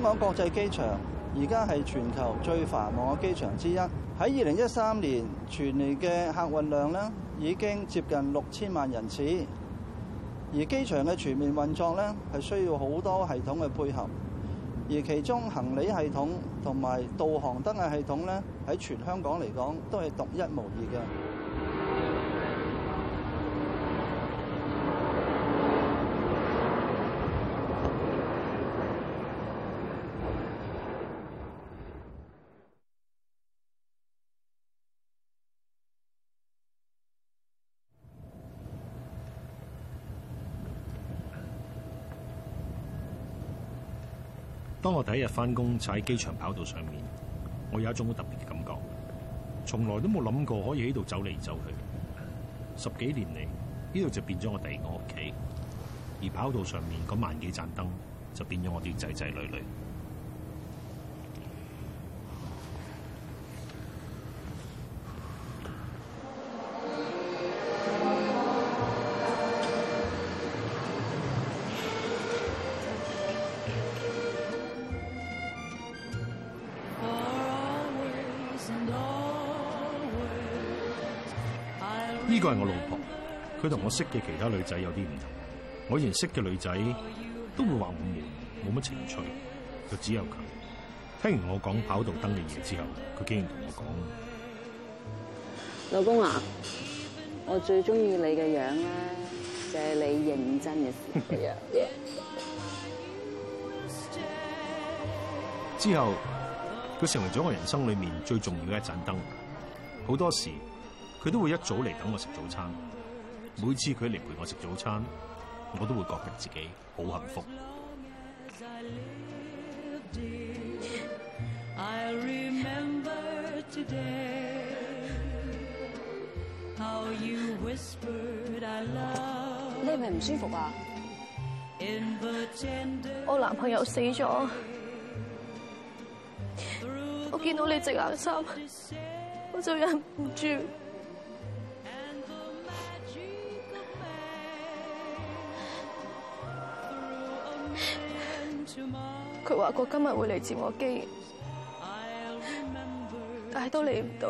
香港國際機場而家係全球最繁忙嘅機場之一在2013，喺二零一三年全年嘅客運量咧已經接近六千萬人次，而機場嘅全面運作咧係需要好多系統嘅配合，而其中行李系統同埋導航燈嘅系統咧喺全香港嚟講都係獨一無二嘅。第一日翻工就喺機場跑道上面，我有一種好特別嘅感覺，從來都冇諗過可以喺度走嚟走去。十幾年嚟，呢度就變咗我第二個屋企，而跑道上面嗰萬幾盞燈，就變咗我啲仔仔女女。佢同我識嘅其他女仔有啲唔同，我以前認識嘅女仔都會話我悶，冇乜情趣，就只有求。聽完我講跑道燈嘅嘢之後，佢竟然同我講：，老公啊，我最中意你嘅樣咧，就係你認真嘅事。 」之後佢成為咗我人生裏面最重要嘅一盞燈，好多時佢都會一早嚟等我食早餐。每次佢嚟陪我食早餐，我都會覺得自己好幸福。你係咪唔舒服啊？我男朋友死咗，我見到你隻眼心，我就忍唔住。佢話過今日會嚟接我機，但係都嚟唔到。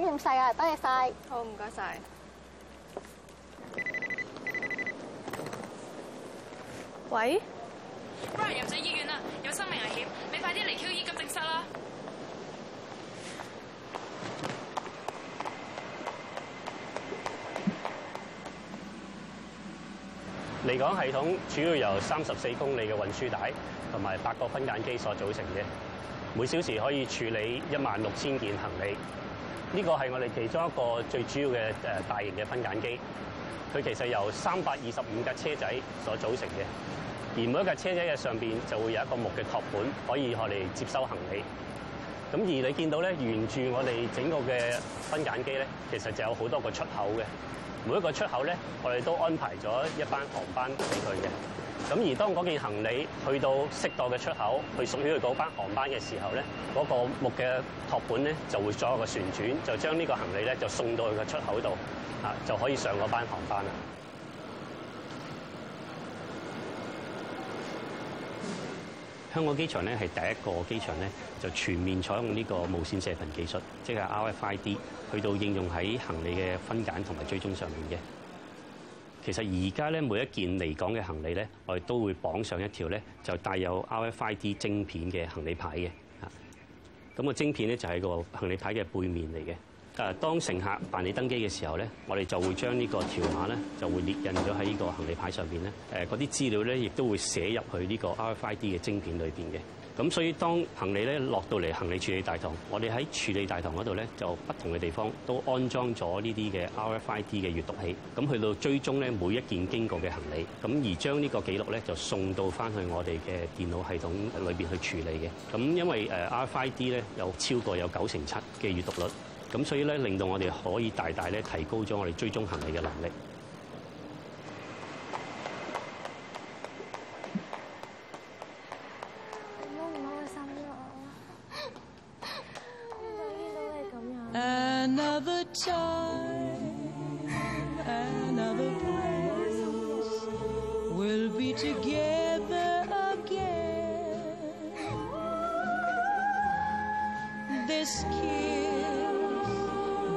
咁謝啊，多謝晒。好，唔該晒。喂，Brian 入咗醫院啦，有生命危險，你快啲嚟 Q.E 急症室啦！離港系統主要由三十四公里嘅運輸帶同埋八個分揀機所組成嘅，每小時可以處理一萬六千件行李。呢個係我哋其中一個最主要嘅誒大型嘅分揀機，佢其實由三百二十五架車仔所組成嘅，而每一架車仔嘅上面就會有一個木嘅托盤，可以學嚟接收行李。咁而你見到咧，沿住我哋整個嘅分揀機咧，其實就有好多個出口嘅。每一個出口咧，我哋都安排咗一班航班俾佢嘅。咁而當嗰件行李去到適當嘅出口，去送俾佢嗰班航班嘅時候咧，嗰、那個木嘅托盤咧就會左右一個旋轉，就將呢個行李咧就送到佢嘅出口度，就可以上嗰班航班啦。香港機場咧係第一個機場咧，就全面採用呢個無線射頻技術，即係 RFID，去到應用喺行李嘅分揀同埋追蹤上面嘅。其實而家咧每一件嚟港嘅行李咧，我哋都會綁上一條咧就帶有 RFID 晶片嘅行李牌嘅。嚇，咁個晶片咧就係個行李牌嘅背面嚟嘅。誒，當乘客辦理登機嘅時候咧，我哋就會將呢個條碼咧，就會列印咗喺呢個行李牌上面咧。誒，嗰啲資料咧，亦都會寫入去呢個 RFID 嘅晶片裏面嘅。咁所以，當行李咧落到嚟行李處理大堂，我哋喺處理大堂嗰度咧，就不同嘅地方都安裝咗呢啲嘅 RFID 嘅閱讀器。咁去到追蹤咧，每一件經過嘅行李，咁而將這個呢個記錄咧，就送到翻去我哋嘅電腦系統裏面去處理嘅。咁因為 RFID 咧，有超過有九成七嘅閱讀率。咁所以咧，令到我哋可以大大咧提高咗我哋追蹤行李嘅能力。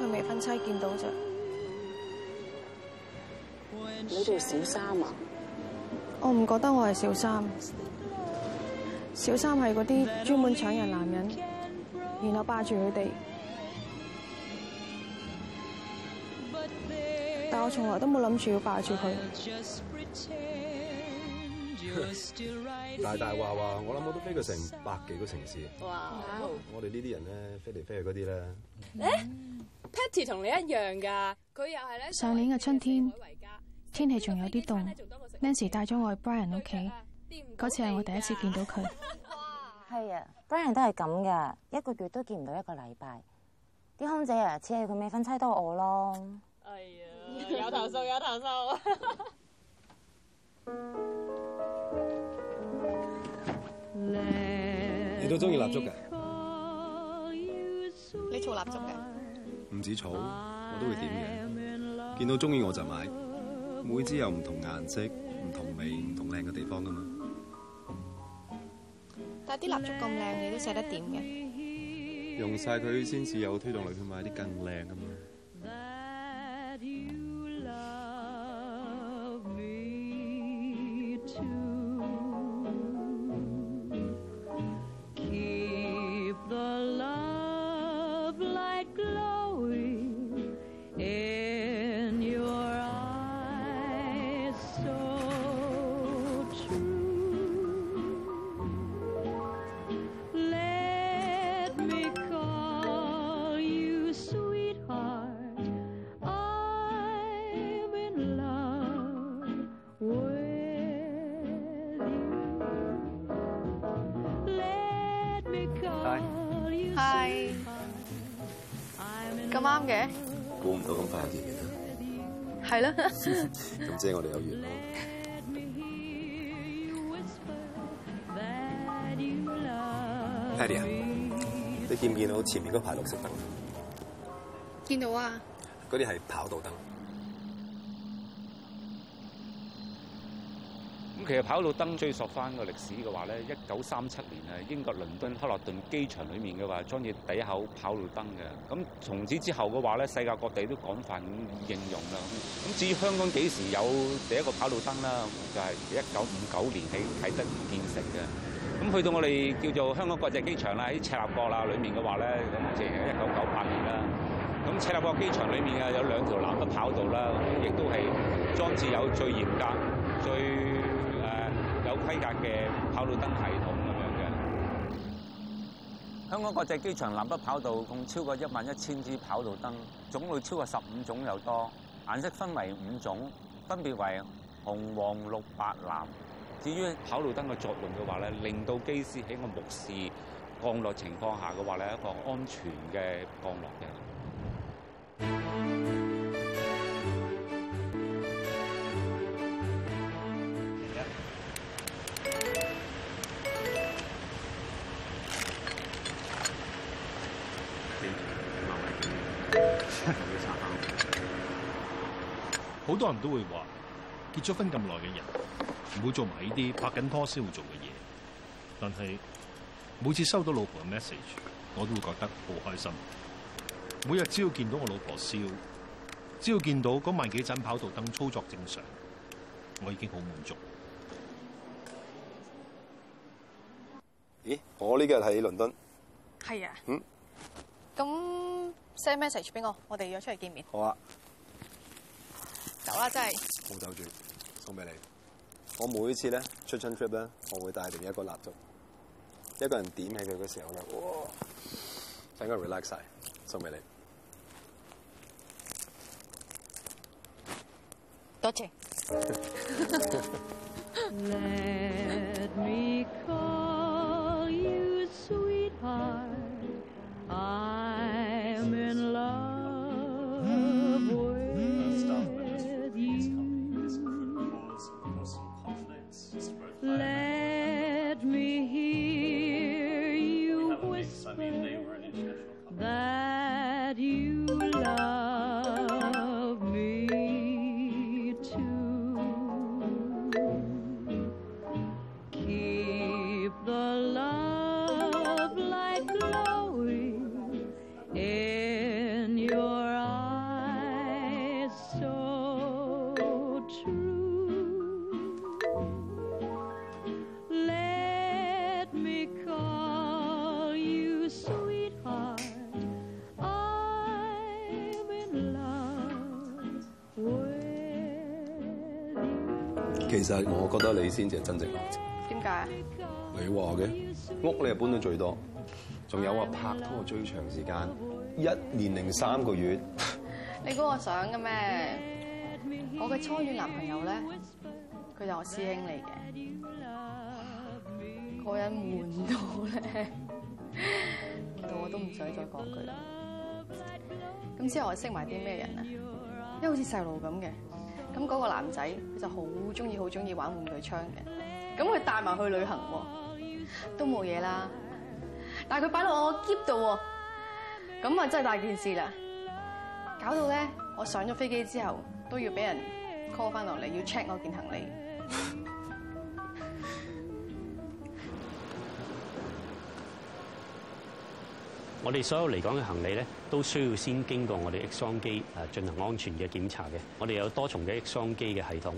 佢未婚妻見到啫，你做小三啊？我唔覺得我係小三，小三係嗰啲專門搶人男人，然後霸住佢哋，但我從來都冇諗住要霸住佢。 大大話話，我諗我都飛過成百幾個城市。哇！我哋呢啲人咧，飛嚟飛去嗰啲咧。Patti 同你一樣噶，佢又係咧。上年嘅春天，天氣仲有啲凍、這個，Nancy 帶咗我去 Brian 屋企，嗰次係我第一次見到佢。哇、嗯！係 啊，Brian 都係咁噶，一個月都見唔到一個禮拜，啲 空姐啊，似係佢未婚妻多我咯。哎呀， 有投訴有投訴。 你都中意蠟燭嘅，你儲蠟燭嘅，唔止儲，我都會點嘅。見到中意我就買，每支有唔同顏色、唔同味、唔同靚嘅地方㗎嘛。但係啲蠟燭咁靚，你都捨得點嘅？用晒佢先至有推動力去買啲更靚㗎嘛。啦，咁即係我哋有緣。Terry， 你見唔見到前面嗰排綠色燈？見到啊，嗰啲係跑道燈。咁其實跑道燈追溯翻個歷史嘅話咧，一九三七年啊，英國倫敦克洛頓機場裏面嘅話裝設第一口跑道燈嘅。咁從此之後嘅話咧，世界各地都廣泛咁應用啦。咁至於香港幾時有第一個跑道燈啦？就係一九五九年起喺啟德建成嘅。咁去到我哋叫做香港國際機場啦，喺赤鱲角啦裏面嘅話咧，咁即係一九九八年啦。咁赤鱲角機場裏面啊，有兩條南北跑道啦，亦都係裝置有最嚴格、最有規格嘅跑道燈系統咁樣嘅。香港國際機場南北跑道共超過一萬一千支跑道燈，種類超過十五種又多，顏色分為五種，分別為紅、黃、綠、白、藍。至於跑道燈嘅作用嘅話咧，令到機師喺個目視降落情況下嘅話咧，一個安全嘅降落嘅。好多人都會話結咗婚咁耐嘅人唔會做埋呢啲拍緊拖先會做嘅嘢，但係每次收到老婆嘅 message，我都會覺得好開心。每日只要見到我老婆笑，只要見到嗰萬幾盞跑道燈操作正常，我已經好滿足。咦？我呢日喺倫敦。係啊。嗯。咁 send message 俾我，我哋約出嚟見面。好啊。好啦，啊，真係，好走樽送俾你。我每次咧出親 trip 咧，我會帶嚟一個蠟燭，一個人點起佢嘅時候，我哇，等佢 relax 晒，送俾你。多謝，謝。 Let me 其實我覺得你先至係真正浪子。點解？你話嘅屋你係搬到最多，仲有話拍拖最長時間一年零三個月。你估我想嘅咩？我嘅初戀男朋友咧，佢就我師兄嚟嘅，嗰人悶到咧，到 我都唔想再講佢。咁之後我識埋啲咩人啊？因為好像一好似細路咁嘅。咁、那、嗰個男仔佢就好中意好中意玩玩具槍嘅，咁佢帶埋去旅行喎，都冇嘢啦，但係佢擺落我個喼度喎，咁啊真係大件事啦，搞到咧我上咗飛機之後都要俾人 call 翻落嚟要 check 我件行李。 我哋所有嚟講嘅行李咧，都需要先經過我哋 X 光機誒進行安全嘅檢查嘅。我哋有多重嘅 X 光機嘅系統，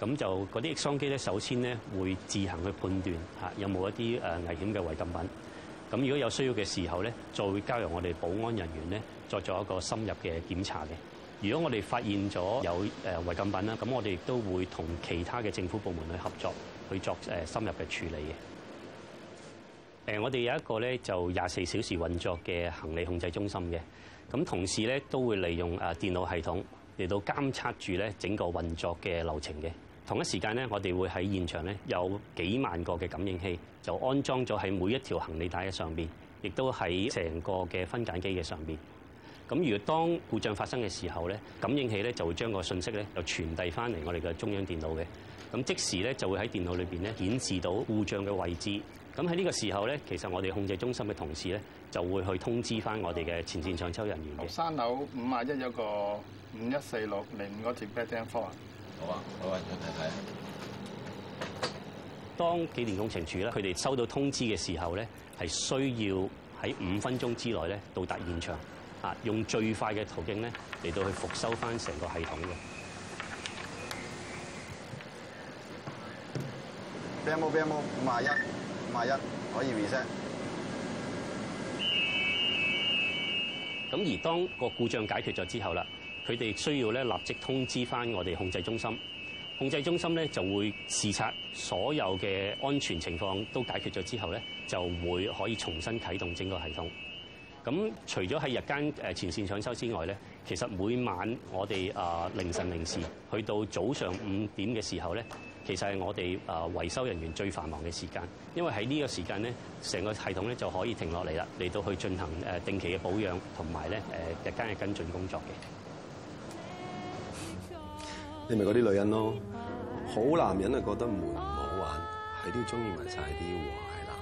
咁就嗰啲 X 光機咧，首先咧會自行去判斷、吓、有冇一啲危險嘅違禁品。咁如果有需要嘅時候咧，再會交由我哋保安人員咧，再做，做一個深入嘅檢查嘅。如果我哋發現咗有誒違禁品啦，咁我哋亦都會同其他嘅政府部門去合作，去作、呃、深入嘅處理嘅。誒，我哋有一個咧就廿四小時運作嘅行李控制中心嘅，咁同時咧都會利用啊電腦系統嚟到監測住咧整個運作嘅流程嘅。同一時間咧，我哋會喺現場咧有幾萬個嘅感應器，就安裝咗喺每一條行李帶嘅上邊，亦都喺成個嘅分揀機嘅上邊。咁如果當故障發生嘅時候咧，感應器咧就會將個信息咧就傳遞翻嚟我哋嘅中央電腦嘅。咁即時咧就會喺電腦裏邊咧顯示到故障嘅位置。咁喺呢個時候咧，其實我哋控制中心嘅同事咧就會去通知翻我哋嘅前線搶修人員。三樓五萬一有個五一四六零五個接 b r e a k 好啊，我揾出睇睇。當機電工程署咧，佢哋收到通知嘅時候咧，係需要喺五分鐘之內咧到達現場，嚇用最快嘅途徑咧嚟到去復修翻成個系統嘅。five 五萬一。五一可以 r e c e i，咁而當個故障解決咗之後啦，佢哋需要咧立即通知翻我哋控制中心。控制中心咧就會視察所有嘅安全情況都解決咗之後咧，就會可以重新啟動整個系統。咁除咗喺日間誒前線搶修之外咧，其實每晚我哋啊凌晨零時去到早上五點嘅時候咧。其實係我哋誒維修人員最繁忙嘅時間，因為喺呢個時間咧，成個系統咧就可以停落嚟啦，嚟到去進行誒定期嘅保養同埋咧誒日間嘅跟進工作嘅。你咪嗰啲女人咯，好男人啊覺得悶唔好玩，係都中意埋晒啲壞男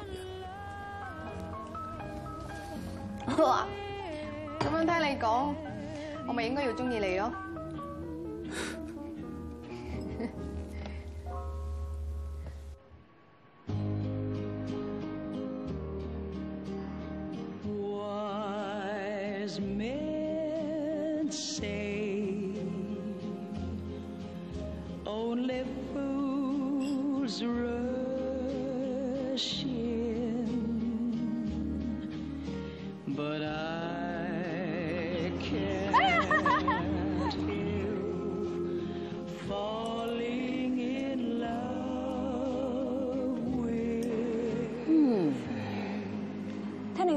人。哇！咁樣聽你講，我咪應該要中意你咯～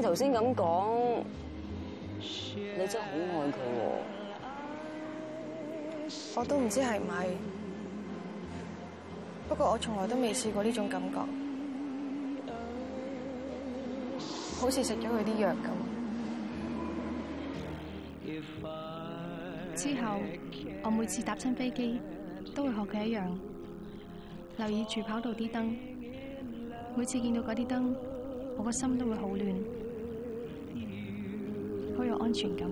頭先咁講，你真係好愛佢，我都唔知係咪。不過我從來都未試過呢種感覺，好似食咗佢啲藥咁。之後我每次搭親飛機，都會學佢一樣，留意住跑道啲燈。每次見到嗰啲燈，我個心都會好暖。好有安全感。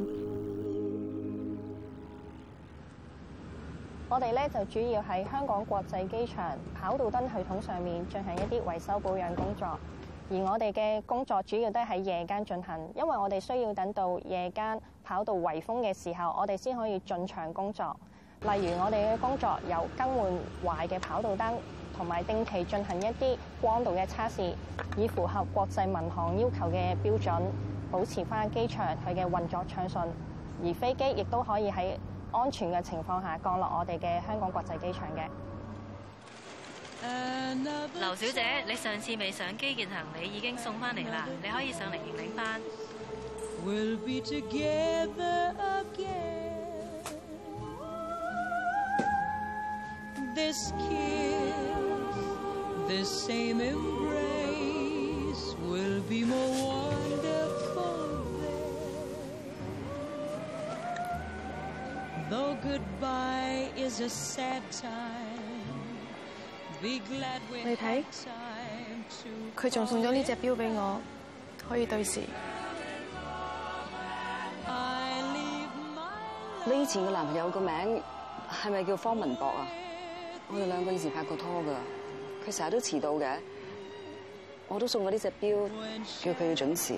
我哋呢就主要喺香港國際機場跑道燈系統上面進行一啲維修保養工作，而我哋嘅工作主要都喺夜間進行，因為我哋需要等到夜間跑道圍封嘅時候，我哋先可以進場工作。例如，我哋嘅工作有更換壞嘅跑道燈同埋定期進行一啲光度嘅測試，以符合國際民航要求嘅標準。保持翻機場佢嘅運作暢順，而飛機亦都可以喺安全嘅情況下降落我哋嘅香港國際機場嘅。劉小姐，你上次未上機件行李已經送翻嚟啦，你可以上嚟領翻。Goodbye is a sad time. Be glad。is a 你睇，佢仲送咗呢隻錶俾我，可以對時。你以前嘅男朋友個名係咪叫方文博啊？我哋兩個以前拍過拖㗎，佢成日都遲到嘅，我都送過呢隻錶叫佢要準時。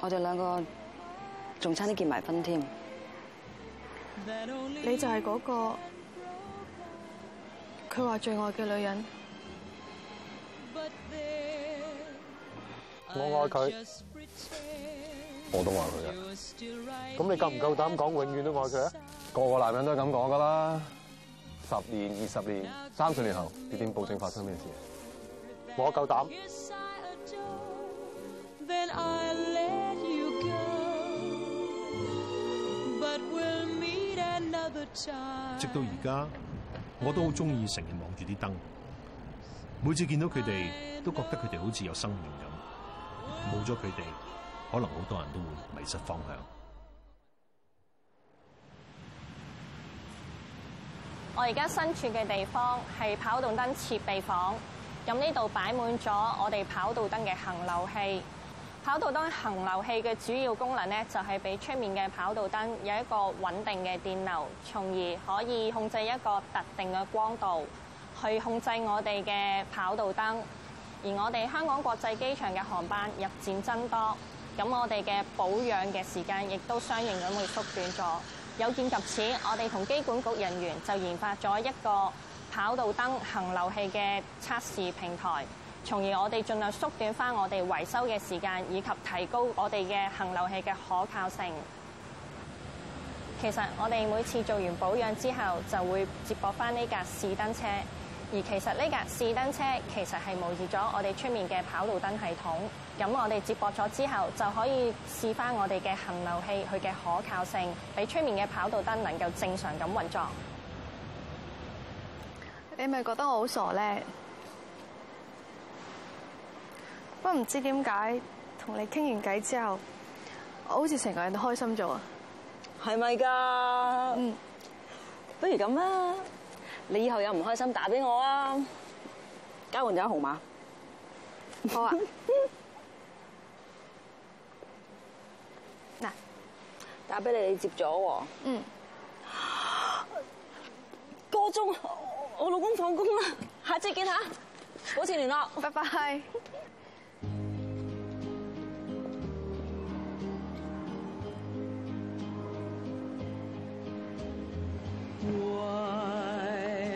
我哋兩個仲差啲結埋婚添。你就係嗰個，佢話最愛嘅女人，我愛佢，我那夠夠都愛佢嘅，咁你夠唔夠膽講永遠都愛佢啊？個個男人都係咁講噶啦，十年、二十年、三十年後，你點保證發生咩事，我夠膽。嗯直到而家，我都好中意成日望住啲燈。每次見到佢哋，都覺得佢哋好似有生命咁。冇咗佢哋，可能好多人都會迷失方向。我而家身處嘅地方係跑道燈設備房，咁呢度擺滿咗我哋跑道燈嘅行流器。跑道燈恆流器嘅主要功能咧，就係俾出面嘅跑道燈有一個穩定嘅電流，從而可以控制一個特定嘅光度，去控制我哋嘅跑道燈。而我哋香港國際機場嘅航班日漸增多，咁我哋嘅保養嘅時間亦都相應咁會縮短咗。有見及此，我哋同機管局人員就研發咗一個跑道燈恆流器嘅測試平台。從而我哋盡量縮短翻我哋維修嘅時間，以及提高我哋嘅恆流器嘅可靠性。其實我哋每次做完保養之後，就會接駁翻呢架試燈車。而其實呢架試燈車其實係模擬咗我哋出面嘅跑道燈系統。咁我哋接駁咗之後，就可以試翻我哋嘅恆流器佢嘅可靠性，俾出面嘅跑道燈能夠正常咁運作。你咪覺得我好傻咧？不過，我唔知點解同你傾完偈之後，我好似成個人都開心咗啊！係咪㗎？嗯，不如咁啦，你以後有唔開心打俾我啊！交換咗號碼，好啊。嗱，打俾你，你接咗喎。嗯。個鐘，我老公放工啦，下次見下。保持聯絡。拜拜。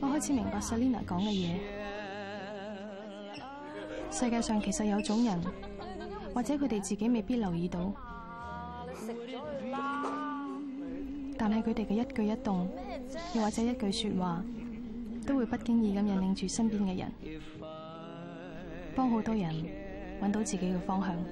我開始明白 Selena 講嘅嘢，世界上其實有種人，或者佢哋自己未必留意到，但係佢哋嘅一舉一動，又或者一句說話，都會不經意咁引領住身邊嘅人，幫好多人揾到自己嘅方向。